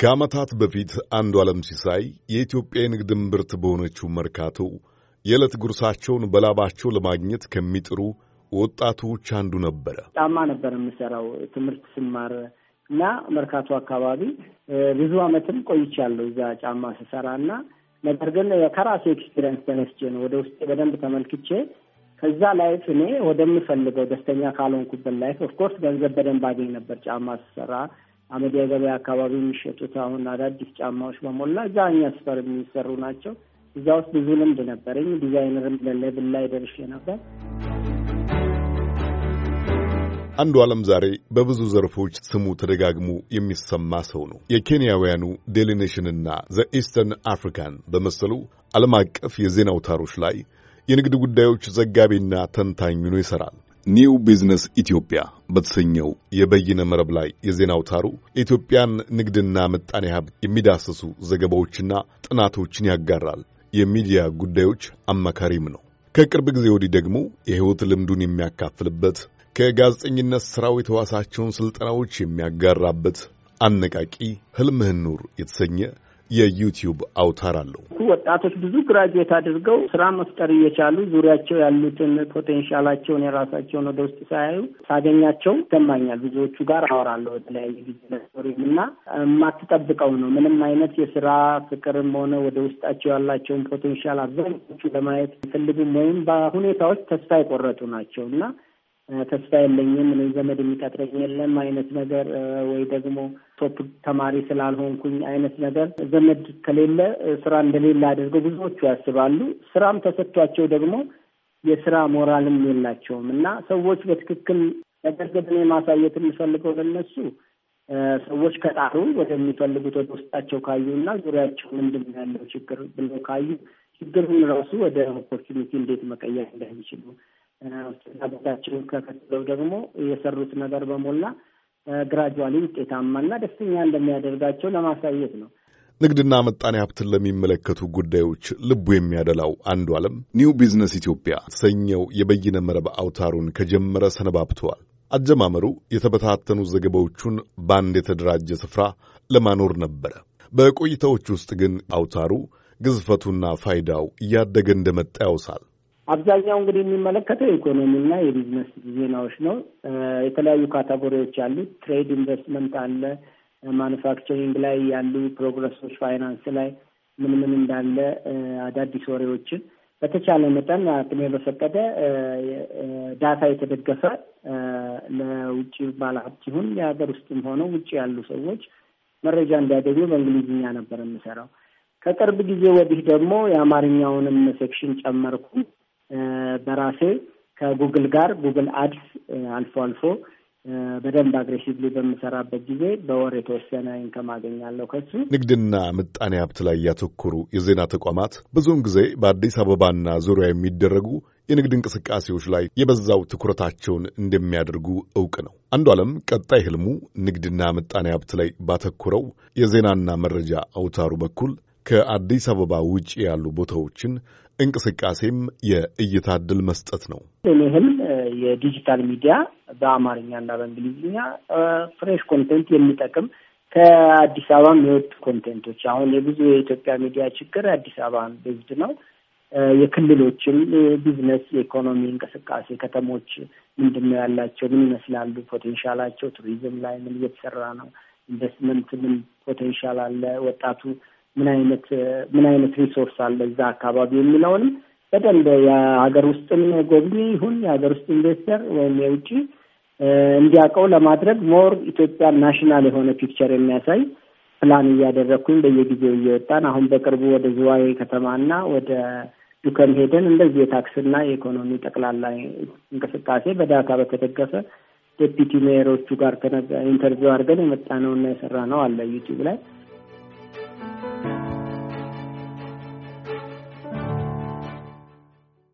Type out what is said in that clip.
ከዓመታት በፊት አንዱ ዓለም ሲሳይ የኢትዮጵያ የንግድ እምብርት በሆነችው መርካቶ የዕለት ጉርሳቸውን በላባቸው ለማግኘት ከሚጥሩ ወጣቶች አንዱ ነበረ። ጫማ ነበር የምሰራው ትምህርት ስማር እና መርካቶ አካባቢ ብዙ ዓመትም ቆይቻለሁ እዛ ጫማ ስሰራ እና ነገር ግን ከራሴ ኤክስፒሪየንስ ተነስቼ ነው ወደ ውስጥ በደንብ ተመልክቼ ከዛ ላይፍ እኔ ወደምፈልገው ደስተኛ ካልሆንኩበት ላይፍ ኦፍኮርስ ገንዘብ በደንብ አገኝ ነበር ጫማ ስሰራ አመዲያ ገበያ አካባቢ የሚሸጡት አሁን አዳዲስ ጫማዎች በሞላ እዛ እኛ የሚሰሩ ናቸው። እዛ ውስጥ ብዙ ልምድ ነበረኝ። ዲዛይነርም ለሌብል ላይ ደርሼ ነበር። አንዱ ዓለም ዛሬ በብዙ ዘርፎች ስሙ ተደጋግሞ የሚሰማ ሰው ነው። የኬንያውያኑ ዴሊ ኔሽንና ዘ ኢስተርን አፍሪካን በመሰሉ ዓለም አቀፍ የዜና አውታሮች ላይ የንግድ ጉዳዮች ዘጋቢና ተንታኝ ሆኖ ይሠራል። ኒው ቢዝነስ ኢትዮጵያ በተሰኘው የበይነ መረብ ላይ የዜና አውታሩ የኢትዮጵያን ንግድና ምጣኔ ሀብት የሚዳሰሱ ዘገባዎችና ጥናቶችን ያጋራል። የሚዲያ ጉዳዮች አማካሪም ነው። ከቅርብ ጊዜ ወዲህ ደግሞ የሕይወት ልምዱን የሚያካፍልበት ከጋዜጠኝነት ሥራው የተዋሳቸውን ሥልጠናዎች የሚያጋራበት አነቃቂ ሕልምህን ኑር የተሰኘ የዩቲዩብ አውታር አለው። ወጣቶች ብዙ ግራጁዌት አድርገው ስራ መፍጠር እየቻሉ ዙሪያቸው ያሉትን ፖቴንሻላቸውን የራሳቸውን ወደ ውስጥ ሳያዩ ሳገኛቸው ይሰማኛል። ብዙዎቹ ጋር አወራለሁ በተለያየ ጊዜ እና የማትጠብቀው ነው። ምንም አይነት የስራ ፍቅርም ሆነ ወደ ውስጣቸው ያላቸውን ፖቴንሻል አብዛኞቹ ለማየት አይፈልጉም ወይም በሁኔታዎች ተስፋ የቆረጡ ናቸው እና ተስፋ የለኝም እኔ ዘመድ የሚቀጥረኝ የለም አይነት ነገር ወይ ደግሞ ቶፕ ተማሪ ስላልሆንኩኝ አይነት ነገር ዘመድ ከሌለ ስራ እንደሌለ አድርገው ብዙዎቹ ያስባሉ። ስራም ተሰጥቷቸው ደግሞ የስራ ሞራልም የላቸውም እና ሰዎች በትክክል ነገር ግን እኔ ማሳየት የምፈልገው ለነሱ ሰዎች ከጣሩ ወደሚፈልጉት ወደ ውስጣቸው ካዩ እና ዙሪያቸው ምንድን ያለው ችግር ብለው ካዩ ችግሩን ራሱ ወደ ኦፖርቹኒቲ እንዴት መቀየር እንደሚችሉ ፍላጎታቸውን ከከትለው ደግሞ የሰሩት ነገር በሞላ ግራጁዋሊ ውጤታማና ደስተኛ እንደሚያደርጋቸው ለማሳየት ነው። ንግድና መጣኔ ሀብትን ለሚመለከቱ ጉዳዮች ልቡ የሚያደላው አንዱ ዓለም ኒው ቢዝነስ ኢትዮጵያ ሰኘው የበይነ መረብ አውታሩን ከጀመረ ሰነባብተዋል። አጀማመሩ የተበታተኑ ዘገባዎቹን በአንድ የተደራጀ ስፍራ ለማኖር ነበረ። በቆይታዎች ውስጥ ግን አውታሩ ግዝፈቱና ፋይዳው እያደገ እንደመጣ ያውሳል። አብዛኛው እንግዲህ የሚመለከተው የኢኮኖሚና የቢዝነስ ዜናዎች ነው። የተለያዩ ካታጎሪዎች አሉ። ትሬድ ኢንቨስትመንት አለ። ማኑፋክቸሪንግ ላይ ያሉ ፕሮግረሶች፣ ፋይናንስ ላይ ምን ምን እንዳለ አዳዲስ ወሬዎችን በተቻለ መጠን አቅሜ በፈቀደ ዳታ የተደገፈ ለውጭ ባለሀብት ይሁን የሀገር ውስጥም ሆነው ውጭ ያሉ ሰዎች መረጃ እንዲያገኙ በእንግሊዝኛ ነበር የምሰራው። ከቅርብ ጊዜ ወዲህ ደግሞ የአማርኛውንም ሴክሽን ጨመርኩ። በራሴ ከጉግል ጋር ጉግል አድስ አልፎ አልፎ በደንብ አግሬሲቭሊ በምሰራበት ጊዜ በወር የተወሰነ ኢንከም አገኛለሁ ከሱ። ንግድና ምጣኔ ሀብት ላይ ያተኮሩ የዜና ተቋማት ብዙውን ጊዜ በአዲስ አበባና ዙሪያ የሚደረጉ የንግድ እንቅስቃሴዎች ላይ የበዛው ትኩረታቸውን እንደሚያደርጉ እውቅ ነው። አንዱ ዓለም ቀጣይ ህልሙ ንግድና ምጣኔ ሀብት ላይ ባተኮረው የዜናና መረጃ አውታሩ በኩል ከአዲስ አበባ ውጭ ያሉ ቦታዎችን እንቅስቃሴም የእይታ እድል መስጠት ነው። ይህም የዲጂታል ሚዲያ በአማርኛ እና በእንግሊዝኛ ፍሬሽ ኮንቴንት የሚጠቅም ከአዲስ አበባ የሚወጡ ኮንቴንቶች አሁን የብዙ የኢትዮጵያ ሚዲያ ችግር አዲስ አበባን ቤዝድ ነው። የክልሎችም ቢዝነስ፣ የኢኮኖሚ እንቅስቃሴ ከተሞች ምንድን ነው ያላቸው፣ ምን ይመስላሉ፣ ፖቴንሻላቸው፣ ቱሪዝም ላይ ምን እየተሰራ ነው፣ ኢንቨስትመንት ምን ፖቴንሻል አለ፣ ወጣቱ ምን አይነት ምን አይነት ሪሶርስ አለ እዛ አካባቢ የሚለውንም በደንብ የሀገር ውስጥም ጎብኚ ይሁን የሀገር ውስጥ ኢንቨስተር ወይም የውጭ እንዲያውቀው ለማድረግ ሞር ኢትዮጵያ ናሽናል የሆነ ፒክቸር የሚያሳይ ፕላን እያደረግኩኝ በየጊዜው እየወጣን አሁን በቅርቡ ወደ ዝዋይ ከተማና ወደ ዱከም ሄደን እንደዚህ የታክስና የኢኮኖሚ ጠቅላላ እንቅስቃሴ በዳታ በተደገፈ ዴፒቲ ሜየሮቹ ጋር ኢንተርቪው አድርገን የመጣ እና የሰራ ነው አለ ዩቲዩብ ላይ